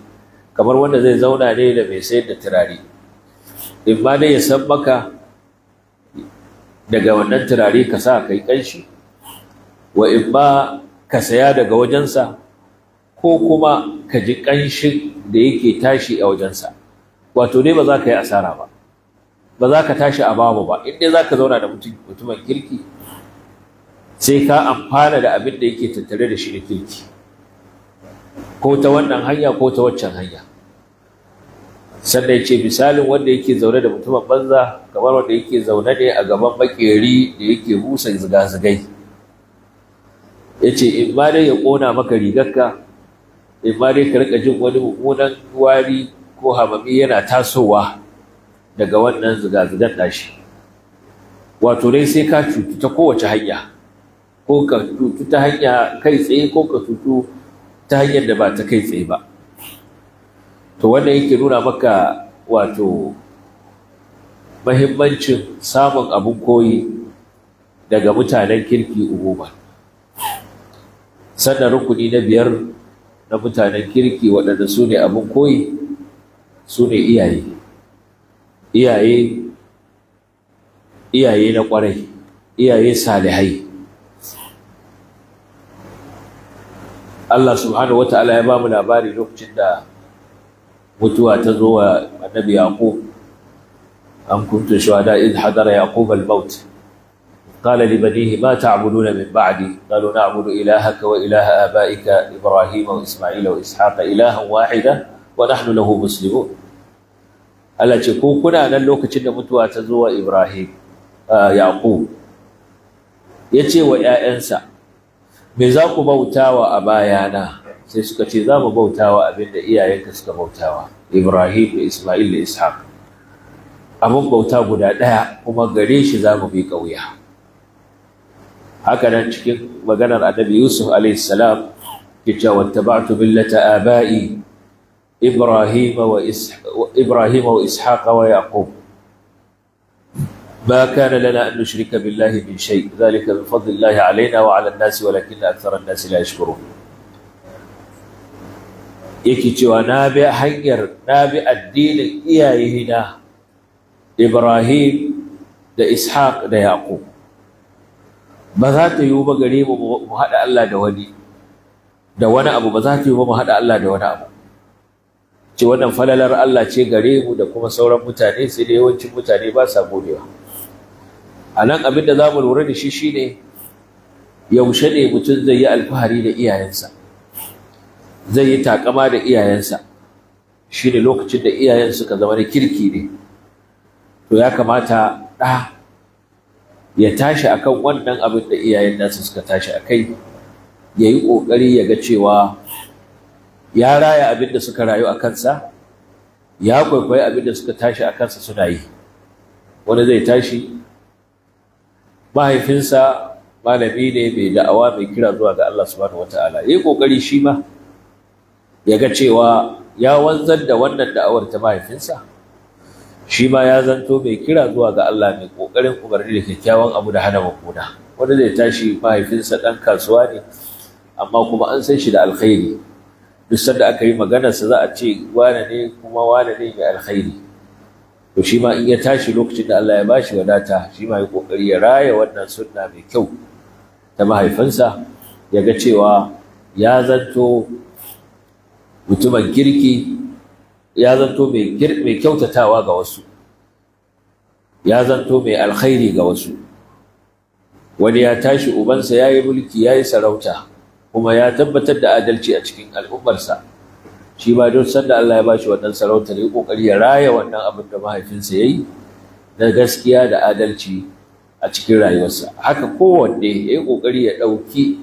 [SPEAKER 1] kamar wanda zai zauna ne da mai sayar da turare in ma dai ya san maka daga wannan turare ka sa kai kanshi wa in ma ka saya daga wajensa ko kuma ka ji ƙanshin da yake tashi a wajensa wato dai ba za ka yi asara ba ba za ka tashi a babu ba in za ka zauna da mutumin kirki sai ka amfana da abin da yake tattare da shi da kirki ko ta wannan hanya ko ta waccan hanya sannan ya ce misalin wanda yake zaune da mutumin banza kamar wanda yake zaune ne a gaban makeri da yake busa ziga-zigai ya ce in ma dai ya ƙona maka rigarka imma dai ka rika jin wani mummunan wari ko hamami yana tasowa daga wannan zigazigan dashi wato dai sai ka cutu ta kowace hanya ko ka cutu ta hanya kai tsaye ko ka cutu ta hanyar da ba ta kai tsaye ba to wannan yake nuna maka wato mahimmancin samun abin koyi daga mutanen kirki uguba sannan rukuni na biyar na mutanen kirki waɗanda su ne abin koyi su ne iyaye iyaye iyaye na ƙwarai iyaye salihai Allah subhanahu wata'ala ya ba mu labari lokacin da mutuwa ta zo wa annabi yaqub an kuntu shuhada id hadara yaqub al-maut قال لبنيه ما تعبدون من بعدي قالوا نعبد إلهك وإله آبائك إبراهيم وإسماعيل وإسحاق إلها واحدا ونحن له مسلمون Allah ce ko kuna nan lokacin da mutuwa ta zo wa Ibrahim Yaqub ya ce wa ‘ya'yansa me za ku bautawa a bayana sai suka ce za mu bautawa abin da iyayenka suka bautawa Ibrahim da Ismail da Ishaq abin bauta guda ɗaya kuma gare shi za mu bi ƙauya haka nan cikin maganar annabi yusuf alaihi salam ke cewa wattaba'tu millata aba'i ibrahima wa wa ishaqa wa yaqub ما كان لنا أن نشرك بالله من شيء ذلك من فضل الله علينا وعلى nasi ولكن أكثر الناس لا يشكرون yake cewa na bi hanyar na bi addinin iyayena Ibrahim da Ishaq da Yaqub ba za ta yiwu ba gare mu mu haɗa Allah da wani da wani abu ba za ta yiwu ba mu haɗa Allah da wani abu ce wannan falalar Allah ce gare mu da kuma sauran mutane sai da yawancin mutane ba sa godewa a nan abin da za mu lura da shi shine yaushe ne mutum zai yi alfahari da iyayensa zai yi takama da iyayensa shine lokacin da iyayen suka zama na kirki ne to ya kamata ɗa ya tashi akan wannan abin da iyayen nasu suka tashi akai ya yi ƙoƙari ya ga cewa ya raya abin da suka rayu a kansa ya kwaikwayi abin da suka tashi a kansa suna yi wani zai tashi mahaifinsa malami ne mai da'awa mai kira zuwa ga Allah subhanahu wata'ala yayi kokari shi ma ya ga cewa ya wanzar da wannan da'awar ta mahaifinsa shi ma ya zanto mai kira zuwa ga Allah mai kokarin umarni da kyakkyawan abu da hana makona wanda zai tashi mahaifinsa dan kasuwa ne amma kuma an san shi da alkhairi duk sanda aka yi maganar sa za a ce wane ne kuma wane ne mai alkhairi to shi ma in ya tashi lokacin da Allah ya bashi wadata shi ma ya kokari ya raya wannan sunna mai kyau ta mahaifinsa ya ga cewa ya zanto mutumin kirki ya zanto mai kyautatawa ga wasu ya zanto mai alkhairi ga wasu wani ya tashi ubansa ya yi mulki ya yi sarauta kuma ya tabbatar da adalci a cikin al'ummarsa shi ba don sanda Allah ya ba shi wannan sarauta ne kokari ya raya wannan abin da mahaifinsa ya yi na gaskiya da adalci a cikin rayuwarsa haka kowanne ya yi kokari ya ɗauki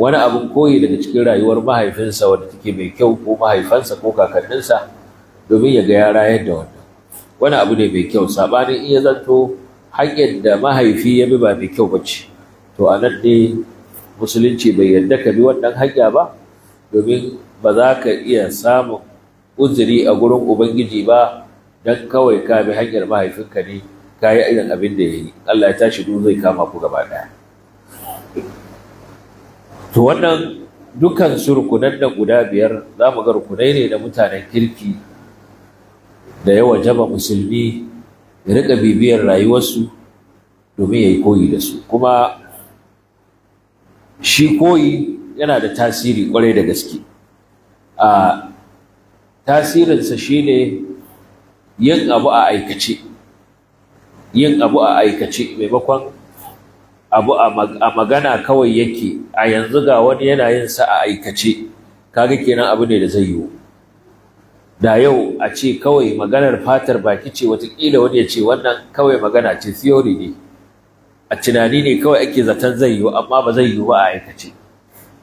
[SPEAKER 1] wani abin koyi daga cikin rayuwar mahaifinsa wanda take mai kyau ko mahaifansa ko kakanninsa domin ya ga yara yadda wanda wani abu ne mai kyau sabanin iya zanto hanyar da mahaifi ya bi ba mai kyau ba ce to a nan ne musulunci bai yarda ka bi wannan hanya ba domin ba za ka iya samun uzuri a gurin ubangiji ba don kawai ka bi hanyar mahaifinka ne ka yi irin abin da ya yi allah ya tashi duk zai kama ku gaba ɗaya to wannan dukkan su rukunan da guda biyar za mu ga rukunai ne da mutanen kirki da yawa wajaba musulmi ya riƙa bibiyar rayuwarsu domin ya yi koyi da su kuma shi koyi yana da tasiri kwarai da gaske a tasirinsa shi ne yin abu a aikace yin abu a aikace maimakon abu a magana kawai yake a yanzu ga wani yana yin a aikace kaga kenan abu ne da zai yiwu da yau a ce kawai maganar fatar baki ce watakila wani ya ce wannan kawai magana ce theory ne a tunani ne kawai ake zaton zai yiwu amma ba zai yiwu ba a aikace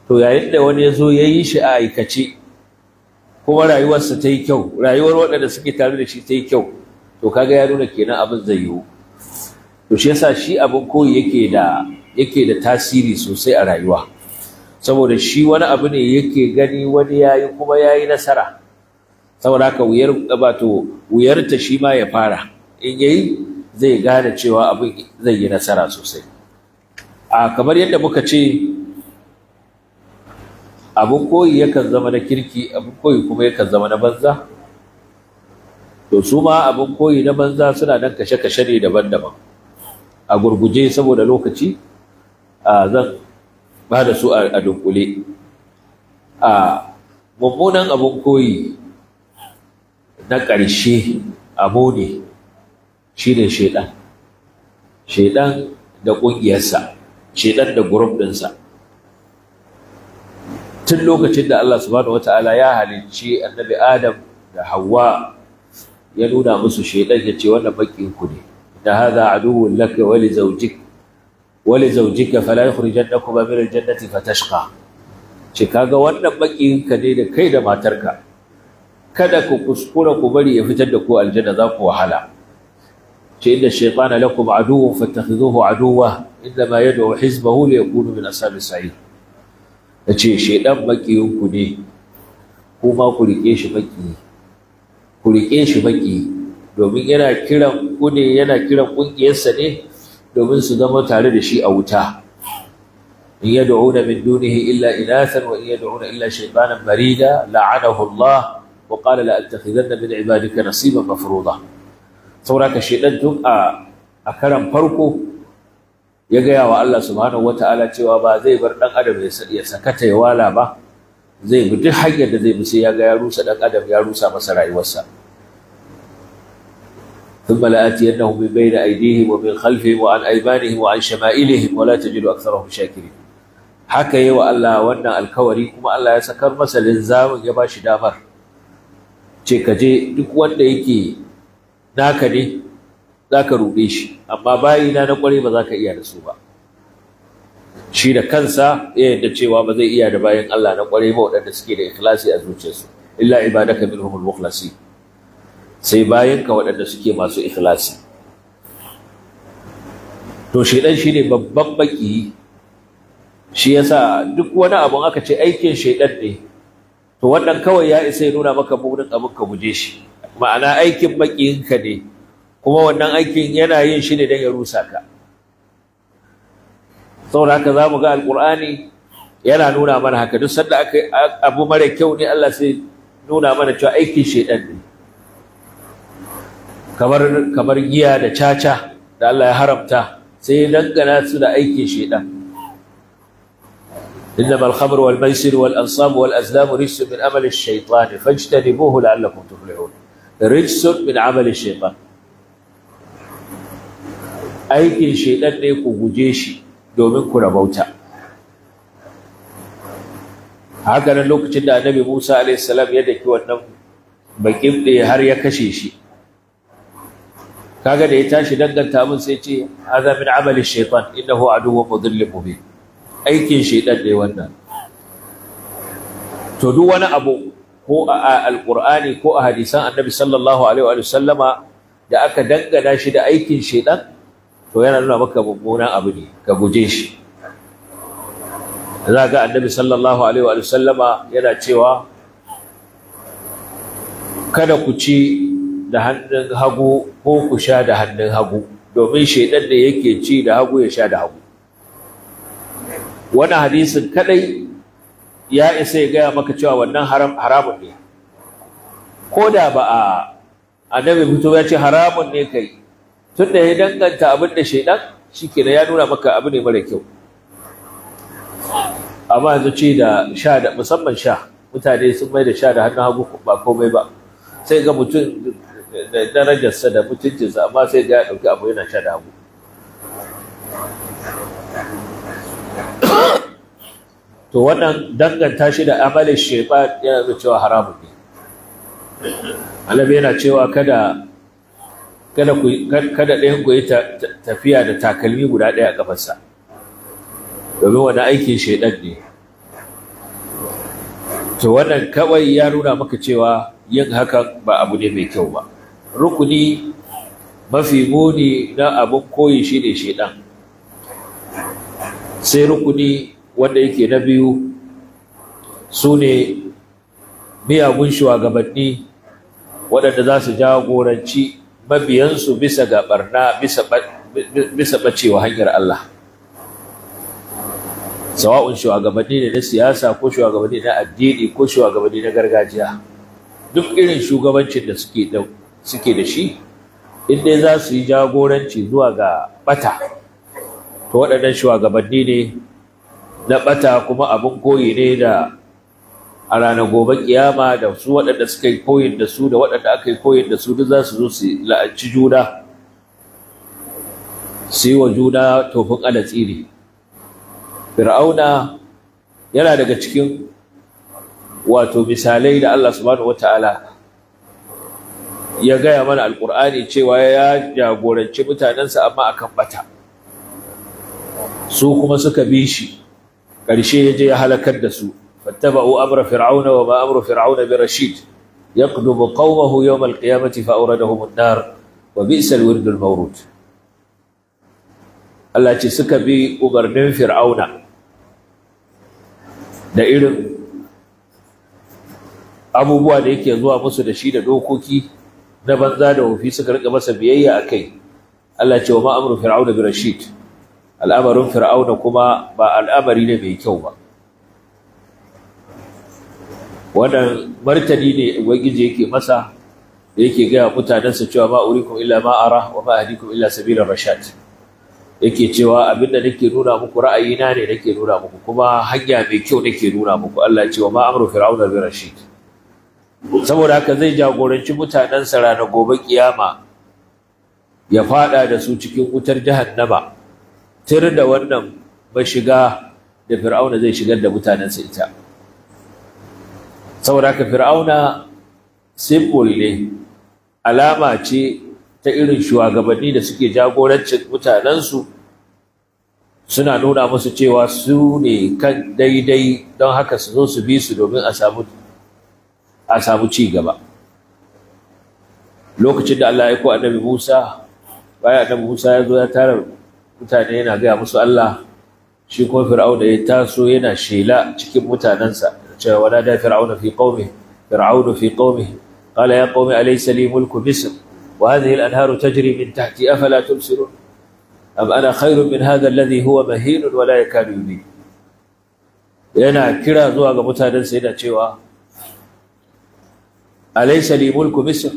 [SPEAKER 1] to yayin da wani ya zo ya yi shi a aikace kuma rayuwarsa ta yi kyau rayuwar waɗanda suke tare da shi ta yi kyau to kaga ya nuna kenan abin zai yiwu to shi yasa shi abin koyi yake da yake da tasiri sosai a rayuwa saboda shi wani abu ne yake gani wani yayi kuma yayi nasara saboda haka wuyar wato wuyarta shi ma ya fara in yayi zai gane cewa abin zai yi nasara sosai a kamar yadda muka ce abin koyi yakan zama na kirki abin koyi kuma yakan zama na banza to su ma abin koyi na banza suna nan kashe-kashe ne daban-daban a gurguje saboda lokaci a zan ba da su a dunkule a mummunan abin koyi na ƙarshe abu ne shi ne shaidan shaidan da ƙungiyarsa shaidan da gurup ɗinsa tun lokacin da Allah subhanahu wata'ala ya halicci annabi Adam da Hauwa ya nuna musu shaidan ya ce wannan bakin ku ne da haza aduwwun laka wa li zawjik wa li zawjika fala yukhrijannakuma min al-jannati fatashqa ce kaga wannan baƙinka ka ne da kai da matarka kada ku kuskura ku bari ya fitar da ku aljanna za ku wahala ce inda shaytana lakum aduwwun fattakhidhuhu aduwwa inda ma yad'u hizbahu li yakunu min ashabis sa'id yace shaytan makiyin ku ne kuma ku rike shi maki ku rike shi maki domin yana kiran ku ne yana kiran kungiyarsa ne domin su zama tare da shi a wuta in yad'una min dunihi illa inathan wa in yad'una illa shaytanan marida la'anahu Allah wa qala la attakhidanna min ibadika nasiban mafruḍa sauraka shedan tun a a karan farko ya gaya wa Allah subhanahu wataala cewa ba zai bar ɗan adam ya sakata ya wala ba zai bi duk hanyar da zai bi sai ya ga ya rusa dan adam ya rusa masa rayuwarsa ثم لآتينهم من بين أيديهم ومن خلفهم وعن أيمانهم وعن شمائلهم ولا تجد أكثرهم شاكرين haka yi wa Allah wannan alkawari kuma Allah ya sakar masa linzamin ya ba shi damar ce ka je duk wanda yake naka ne za ka ruɗe shi amma bayina na ƙwarai ba za ka iya da su ba shi da kansa ya yadda cewa ba zai iya da bayan Allah na ƙwarai ba waɗanda suke da ikhlasi a zuciyarsu illa ibadaka minhumul mukhlasi sai bayan ka waɗanda suke masu ikhlasi to shi shine babban baki shi yasa duk wani abun aka ce aikin shedan ne to wannan kawai ya isa ya nuna maka burin abin ka guje shi ma'ana aikin makiyinka ne kuma wannan aikin yana yin shi ne don ya rusa ka saboda haka za mu ga alƙur'ani yana nuna mana haka duk sanda aka abu mara kyau ne Allah sai nuna mana cewa aikin shaidan ne kamar kamar giya da caca da Allah ya haramta sai ya dangana su da aikin shaidan إنما الخمر والميسر والأنصاب والأزلام رجس من عمل الشيطان فاجتنبوه لعلكم تفلحون رجس من عمل الشيطان أي كن شيطان نيكو جيشي دومنكو موتا هكذا نلوك جدا النبي موسى عليه السلام يدك والنم بكيم لي هريا كشيشي كاغا ليتاشي دنجا تامن سيتي هذا من عمل الشيطان إنه عدو مضل مبين aikin shaidan ne wannan to duk wani abu ko a alqur'ani ko a hadisan annabi sallallahu alaihi wa sallama da aka dangana shi da aikin shaidan to yana nuna maka mummunan abu ne ka guje shi za ga annabi sallallahu alaihi wa sallama yana cewa kada ku ci da hannun hagu ko ku sha da hannun hagu domin shaidan ne yake ci da hagu ya sha da hagu wani hadisin kadai ya isa ya gaya maka cewa wannan haramun ne ko da ba a annabi fito ya ce haramun ne kai tunda ya danganta abin da shaidan da ya nuna maka abu ne mara kyau amma yanzu ce da sha da musamman sha mutane sun mai da sha da hannun hagu ba komai ba sai ga mutum da darajarsa da mutuncinsa amma sai ga ya ɗauki abu yana sha da hagu to wannan danganta shi da amalin shaitan yana da cewa haramun ne alabi yana cewa kada ɗayan ku yi tafiya da takalmi guda ɗaya a ƙafarsa, domin wani aikin shaiɗan ne to wannan kawai ya nuna maka cewa yin hakan ba abu ne mai kyau ba rukuni mafi muni na abin koyi shi ne sai rukuni wanda yake na biyu su ne miyagun shugabanni waɗanda za su jagoranci mabiyansu bisa ga ɓarna bisa ɓacewa hanyar Allah sawa'un shugabanni ne na siyasa ko shugabanni na addini ko shugabanni na gargajiya duk irin shugabancin da suke da shi in dai za su yi jagoranci zuwa ga ɓata, to waɗannan shugabanni ne na ɓata kuma abin koyi ne da a ranar gobe kiyama da su waɗanda suka yi koyin da su da waɗanda aka yi koyin da su duk za su zo su la'anci juna su yi wa juna tofin alatsi ne fir'auna yana daga cikin wato misalai da Allah subhanahu wata'ala ya gaya mana alkur'ani cewa ya jagoranci mutanensa amma akan bata su kuma suka bi shi Karshe ya je ya halakar da su fattaba'u amra fir'auna wa ma amru fir'auna bi rashid yaqdubu qaumahu yawm al-qiyamati fa awradahum an-nar wa bi'sa al-wird al-mawrud Allah ce suka bi umarnin fir'auna da irin abubuwa da yake zuwa musu da shi da dokoki na banza da wofi suka rika masa biyayya akai Allah ce wa ma amru fir'auna bi rashid al'amarin fir'auna kuma ba al'amari ne mai kyau ba wannan martani ne ubangiji yake masa da yake gaya mutanensa cewa ba urikum illa ma ara wa ba ahdikum illa sabila rashad yake cewa abinda nake nuna muku ra'ayina ne nake nuna muku kuma hanya mai kyau nake nuna muku Allah ya ce wa ma amru fir'auna bi rashid saboda haka zai jagoranci mutanensa ranar gobe kiyama ya fada da su cikin wutar jahannama tir da wannan ba da fir'auna zai shigar da mutanensa ita saboda ka fir'auna simbol ne alama ce ta irin shugabanni da suke jagorancin mutanensu suna nuna musu cewa su ne kan daidai don haka su zo su bi su domin a samu ci gaba lokacin da Allah ya ko annabi Musa bayan annabi Musa ya zo ya tara mutane yana gaya musu Allah shi kuma fir'auna ya taso yana shela cikin mutanensa cewa wala da fir'auna fi qaumi fir'auna fi qaumi qala ya qaumi alaysa li mulku misr wa hadhihi al-anharu tajri min tahti afala tubsirun am ana khairun min hadha alladhi huwa mahin wa la yakadu yana kira zuwa ga mutanensa yana cewa alaysa li mulku misr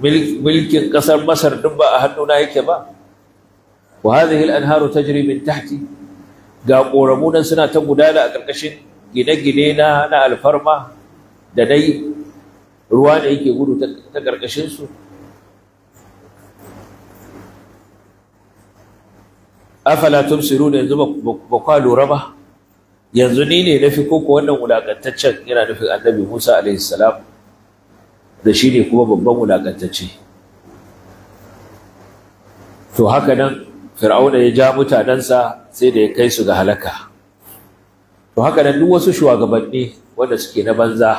[SPEAKER 1] milkin kasar masar duk ba a hannuna yake ba wa hadhihi al-anharu ta min tahti ga koramu nan suna ta gudana a karkashin gine-gine na alfarma da dai ruwa da yake gudu ta karkashin su afala tumsiruna yanzu ba kwa lura ba yanzu ni ne nafi koko wannan wulakantaccen yana nufin annabi Musa alaihi salam da shi ne kuma babban wulakantacce to haka nan fir'auna ya ja mutanensa sai da ya kai su ga halaka to haka nan duk wasu shugabanni wanda suke na banza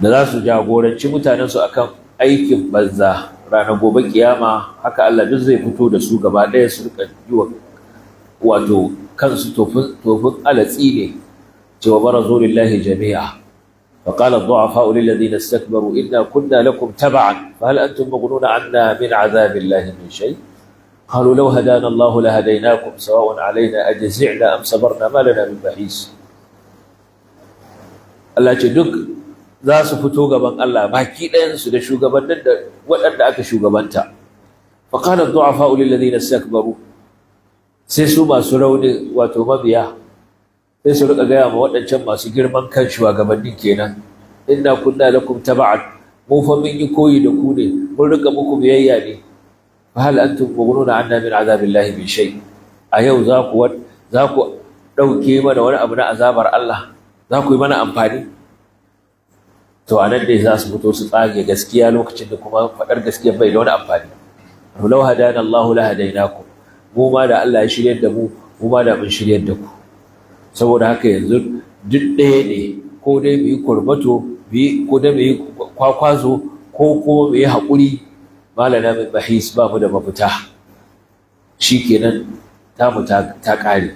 [SPEAKER 1] da za su jagoranci mutanensu akan aikin banza ranar gobe kiyama haka Allah duk zai fito da su gaba ɗaya su rika yiwa wato kansu tofin alatsi ne cewa barazo lillahi jami'a فقال الضعفاء للذين استكبروا إنا كنا لكم تبعا فهل أنتم مغنون عنا من عذاب الله من شيء قالوا لو هدانا الله لهديناكم سواء علينا أجزعنا أم صبرنا ما لنا من محيص duk za su fito gaban Allah baki ɗayansu da shugabannin da waɗanda aka shugabanta faƙalar du'afa ulil ladina istakbaru sai su su rauni wato mabiya sai su rika gaya ma waɗancan masu girman kan shugabannin kenan inna kunna lakum taba'an mu fa mun yi koyi da ku ne mun rika muku biyayya ne hal antum mughnuna anna min azabillahi min shai. a yau za ku za ku dauke mana wani abu na azabar Allah za ku yi mana amfani to anan dai za su fito su tsage gaskiya lokacin da kuma faɗar gaskiya bai da wani amfani law hadana Allahu la hadainakum mu ma da Allah ya shiryar da mu mu ma da mun shiryar da ku saboda haka yanzu duk ɗaya ne ko dai mu yi kurbato ko dai mu yi kwakwazo ko kuma mu yi haƙuri مالنا من محيس ما هو دم بتاح شيكينا تام تاكاري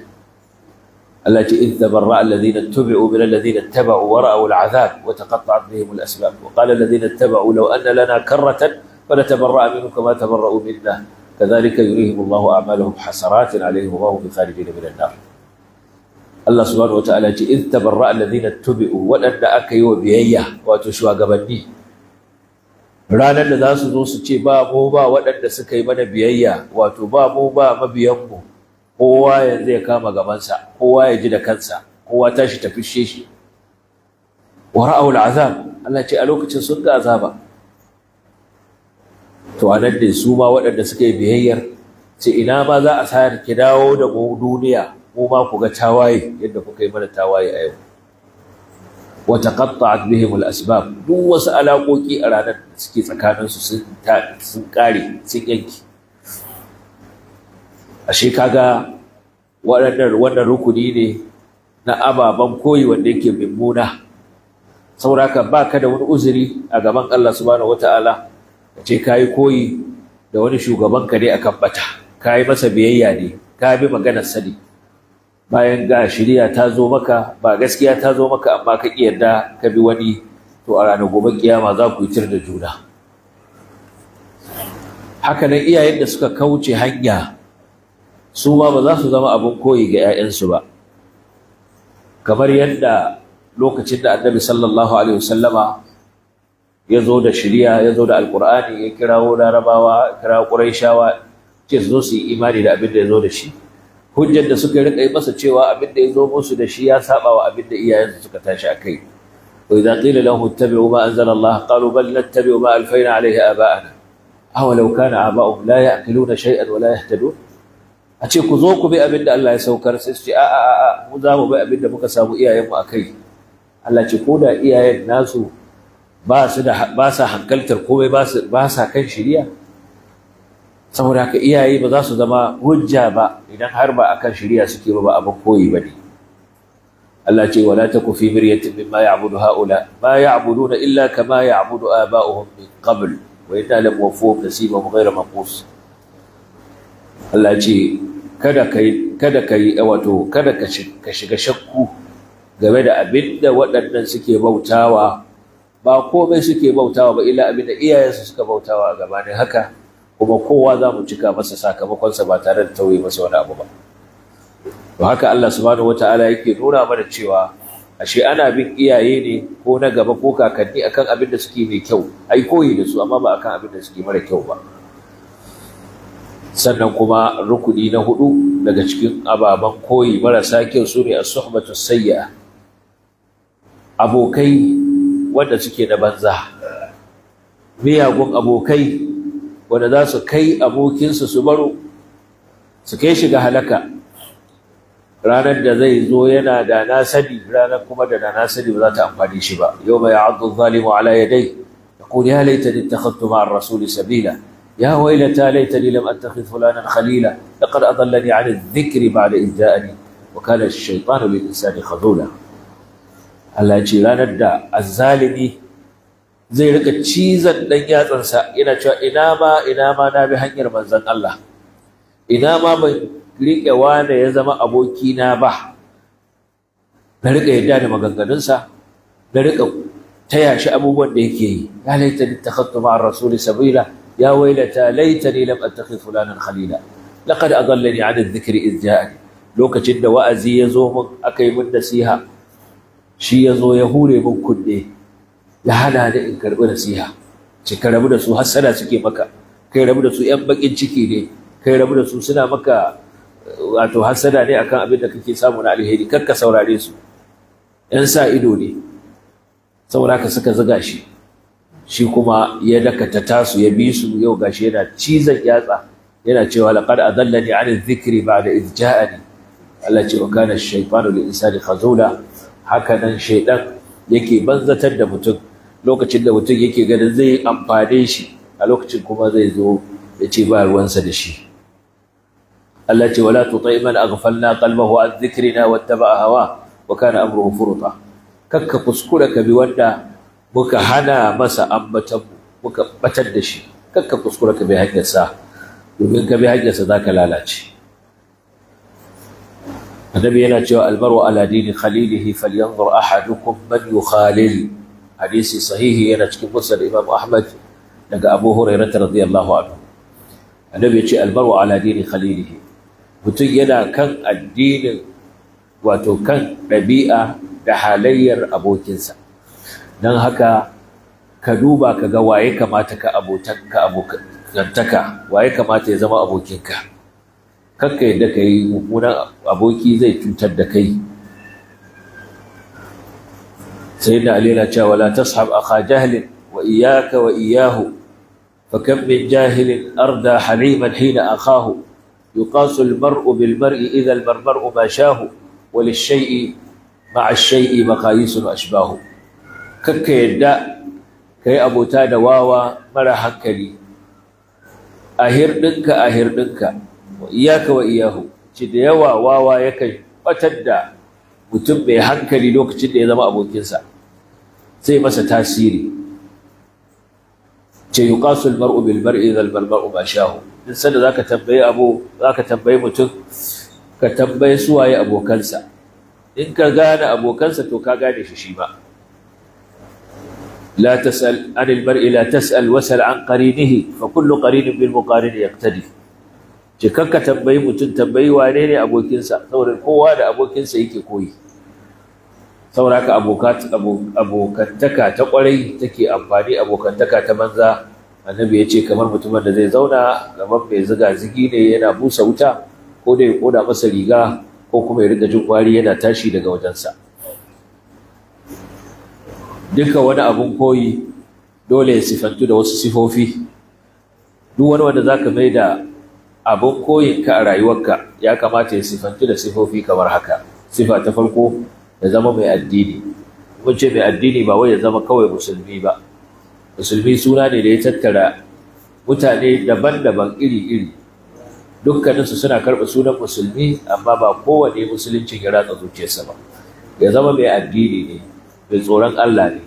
[SPEAKER 1] الله إذ تبرأ الذين اتبعوا من الذين اتبعوا ورأوا العذاب وتقطعت بهم الأسباب وقال الذين اتبعوا لو أن لنا كرة فلتبرأ منكم كما تبرأوا منا كذلك يريهم الله أعمالهم حسرات عليهم وهو خارجين من النار الله سبحانه وتعالى إذ تبرأ الذين اتبعوا ولن أكيوا بهيه وتشوى قبنيه ranar da za su zo su ce ba mu ba waɗanda suka yi mana biyayya wato ba mu ba mabiyanmu kowa yanzu ya kama gabansa kowa ya ji da kansa kowa tashi tafi shi wa ra'awul azab Allah ce a lokacin sun ga azaba to a nan ne su ma waɗanda suka yi biyayyar ce ina ma za a sayar ki dawo da mu duniya mu ma ku ga tawaye yadda kuka yi mana tawaye a yau wata qatta'at bihim asbab duk wasu alaƙoƙi a ranar suke tsakaninsu sun sun ƙare, sun yanki ashe kaga waɗannan wannan rukuni ne na ababen koyi wanda yake mummuna sauraka baka da wani uzuri a gaban Allah subhanahu wataala ka yi koyi da wani shugaban ka ne kabbata. Ka yi masa biyayya ne ka bi maganar sani bayan ga shirya ta zo maka ba gaskiya ta zo maka amma ka ƙi yarda ka bi wani to a ranar gobe kiyama za ku yi da juna haka nan iyayen da suka kauce hanya su ma ba za su zama abin koyi ga 'ya'yansu ba kamar yadda lokacin da annabi sallallahu alaihi wasallama ya zo da shirya ya zo da alkur'ani ya kirawo larabawa ya kirawo ƙuraishawa ce su zo su yi imani da abin da ya zo da shi hujjar da suka rika yi masa cewa abin da ya zo musu da shi ya saba wa abin da iyayensu suka tashi a kai wa idza qila lahum ittabi'u ma anzala Allah qalu bal nattabi'u ma alfayna alayhi aba'ana aw law kana aba'uhum la ya'qiluna shay'an wa la yahtadun a ce ku zo ku bi abin da Allah ya saukar sai su ce a a a mu za mu bi abin da muka samu iyayenmu a kai Allah ce ko da iyayen nasu ba su da ba sa hankaltar komai ba sa kan shiriya saboda haka iyaye ba za su zama hujja ba idan har ba akan shari'a suke ba ba abin koyi ba ne Allah ce wala ku fi miryatin mimma ya'budu haula ma ya'buduna illa kama ya'budu aba'uhum min qabl wa yatalam wa fuq nasibahum ghayra maqus Allah ce kada kai kada kai wato kada ka shiga shakku game da abinda waɗannan suke bautawa ba komai suke bautawa ba illa abinda iyayensu suka bautawa a gabanin haka kuma kowa za mu cika masa sakamakonsa ba tare da tauye masa wani abu ba to haka Allah subhanahu wataala yake nuna mana cewa ashe ana bin iyaye ne ko na gaba ko kakanni akan abin da suke mai kyau ai koyi da su amma ba akan abin da suke mara kyau ba sannan kuma rukuni na hudu daga cikin ababen koyi marasa kyau su ne as-suhbatu sayya abokai wanda suke da banza miyagun abokai wanda za su kai abokinsu su baro su kai shiga ga halaka ranar da zai zo yana da nasadi ranar kuma da da nasadi ba za ta amfani shi ba yau mai abu zalimu ala ya dai ya kuri ya laita da takhattu ma rasuli sabila ya waila ta laita ni lam an takhi fulanan khalila laqad adallani ala zikri ba da izda'ani wa kala shaitanu bi insani khazula Allah ya ranar da azzalimi az zai rika cizon dan yatsansa yana cewa ina ma ina ma na bi hanyar manzon Allah ina ma ban riƙe wanda ya zama abokina ba na riƙa yadda da maganganunsa na riƙa ta yashi abubuwan da yake yi ya laita ni takhattu ma'a rasuli sabila ya wailata laita ni lam attakhidh fulanan khalila laqad adallani 'ala adh-dhikri idh ja'ani lokacin da wa'azi ya zo mun aka yi mun nasiha shi ya zo ya hure mun kunne ya hana da in karɓi nasiha ce ka rabu da su hassada suke maka kai rabu da su yan bakin ciki ne kai rabu da su suna maka wato hassana ne akan abin da kake samu na alheri kar ka saurare su yan sa ido ne saboda ka suka zuga shi shi kuma ya dakata tasu ya bi su yau gashi yana cizon yatsa yana cewa laqad adallani an dhikri ba'da idh ja'ani Allah ce wa kana shaytanu lil insani khazula haka nan shaytan yake banzatar da mutum lokacin da mutum yake ganin zai amfane shi a lokacin kuma zai zo ya ce ba ruwansa da shi Allah ce wala tuti man aghfalna qalbahu an dhikrina wattaba'a hawa wa kana amruhu furuta kakka kuskura ka bi wanda muka hana masa ambatan muka batar da shi kakka kuskura ka bi hanyarsa domin ka bi hanyarsa zaka lalace annabi yana cewa almaru ala dini khalilihi falyanzur ahadukum man yukhalil hadisi sahihi yana cikin musnad Imam Ahmad daga Abu hurairata. radiyallahu anhu annabi ya ce albarwa ala dini khalilihi mutum yana kan addinin wato kan ɗabi'a da halayyar abokinsa don haka ka duba ka ga waye kamata ka abokantaka waye kamata ya zama abokinka kakka yadda ka yi mummunan aboki zai cutar da kai sayyidina ali na cewa la tashab akha jahlin wa iyyaka wa fa kam min jahilin arda haliman hina akhahu يقاس المرء بالمرء إذا المرء ما شاه وللشيء مع الشيء مقاييس وأشباه كك ka yi abota da wawa mara hankali a a wa iyaka wa iyahu ci da yawa wawa yakan batar da mutum mai hankali lokacin da ya zama abokinsa sai masa tasiri ce yuqasul mar'u bil mar'i idha mar'u ba shahu in sanda zaka tambaye abu zaka tambaye mutum ka tambaye su waye abokansa in ka gane abokansa to ka gane shi shi ba la tasal anil mar'i la tasal wasal an qarinihi fa kullu qarin bil ce ka tambayi mutum tambayi wane ne abokinsa saboda kowa da abokinsa yake koyi sauraka abokantaka ta kwarai take amfani abokantaka ta banza annabi ya ce kamar mutumin da zai zauna kamar mai ziga zigi ne yana busa wuta ko da ya koda masa riga ko kuma ya riga jin kwari yana tashi daga wajensa duka wani abun koyi dole ya sifantu da wasu sifofi duk wani wanda zaka mai da abin koyinka a rayuwarka ya kamata ya sifanci da sifofi kamar haka sifa ta farko ya zama mai addini mun ce mai addini ba wai ya zama kawai musulmi ba musulmi suna ne da ya tattara mutane daban-daban iri-iri dukkaninsu suna karɓi sunan musulmi amma ba kowane musuluncin ya ratsa zuciyarsa ba ya zama mai addini ne mai tsoron Allah ne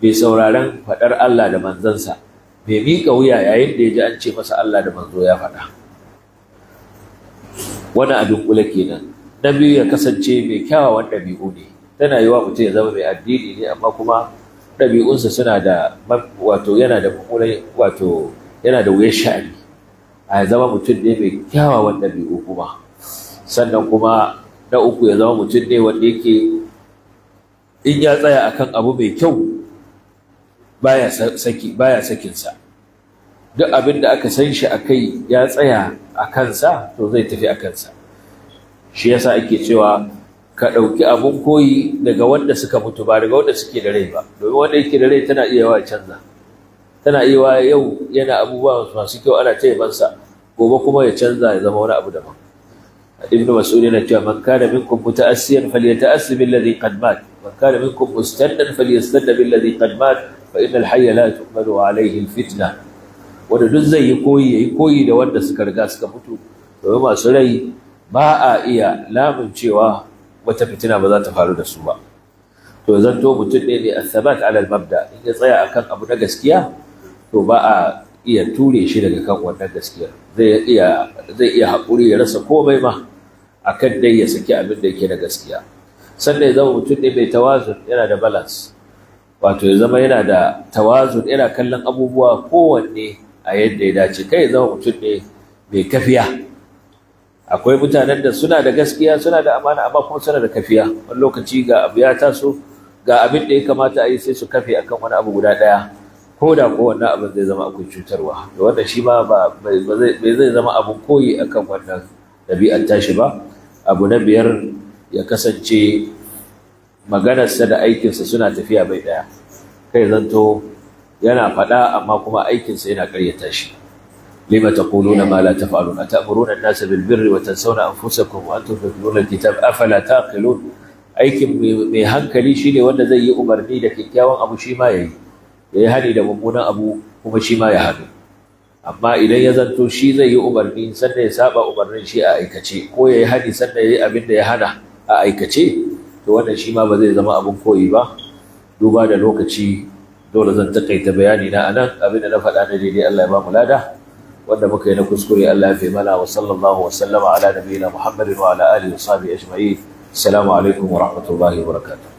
[SPEAKER 1] mai sauraron faɗar Allah da manzansa mai miƙa wuya yayin da ya ji an ce masa Allah da manzo ya faɗa wani abin kula kenan na biyu ya kasance mai kyawawan ɗabi'u ne tana yi wa mutum ya zama mai addini ne amma kuma ɗabi'unsa suna da wato yana da wato yana da wuyar sha'ani a zama mutum ne mai kyawawan ɗabi'u kuma sannan kuma na uku ya zama mutum ne wanda yake in ya tsaya akan abu mai kyau baya saki baya sakinsa duk abin da aka san shi a kai ya tsaya a kansa to zai tafi a kansa shi yasa ake cewa ka ɗauki abin koyi daga wanda suka mutu ba daga wanda suke da rai ba domin wanda yake da rai tana iya wa canza tana iya wa yau yana abubuwa masu kyau ana ta yabansa gobe kuma ya canza ya zama wani abu daban ibn mas'ud yana cewa man kana minkum muta'assiyan falyata'assi billadhi qad mat man kana minkum mustannan falyastanna billadhi qad mat fa inna al hayya la tuqbalu alayhi al fitna wanda duk zai yi koyi ya yi koyi da wanda suka riga suka mutu domin masu rai ba a iya lamun cewa wata fitina ba za ta faru da su ba to zanto mutum ɗaya ne a sabat alal mabda in ya tsaya akan abu na gaskiya to ba a iya ture shi daga kan wannan gaskiya zai iya zai iya haƙuri ya rasa komai ma akan dai ya saki abin da yake da gaskiya sannan ya zama mutum ne mai tawazun yana da balance wato ya zama yana da tawazun yana kallon abubuwa kowanne a yadda ya dace kai zama mutum ne mai kafiya akwai mutanen da suna da gaskiya suna da amana amma kuma suna da kafiya wani lokaci ga abu ya taso ga abin da ya kamata a yi sai su kafe akan wani abu guda ɗaya ko da ko wannan abin zai zama akwai cutarwa da wannan shi ma ba zai zama abin koyi akan wannan ɗabi'ar tashi ba abu na biyar ya kasance maganarsa da aikinsa suna tafiya bai ɗaya kai zanto yana faɗa amma kuma aikinsa yana ƙaryata shi lima taquluna ma la taf'alun atamuruna an-nasa bil birri wa tansawna anfusakum wa antum tatluna al-kitab afala taqilun aikin mai hankali shine wanda zai yi umarni da kyakkyawan abu shi ma yayi yayi hadi da mummunan abu kuma shi ma ya hadu amma idan ya zanto shi zai yi umarni sannan ya saba umarnin shi a aikace ko yayi hadi sannan yayi abin da ya hana a aikace to wannan shi ma ba zai zama abin koyi ba duba da lokaci dole zan takaita bayani na anan abinda na faɗa na daidai Allah ya ba mu lada wanda muka yi na kuskure Allah ya fi mana wa sallallahu wa sallama ala nabiyina Muhammadin wa ala alihi wa sahbihi ajma'in assalamu alaikum wa rahmatullahi wa barakatuh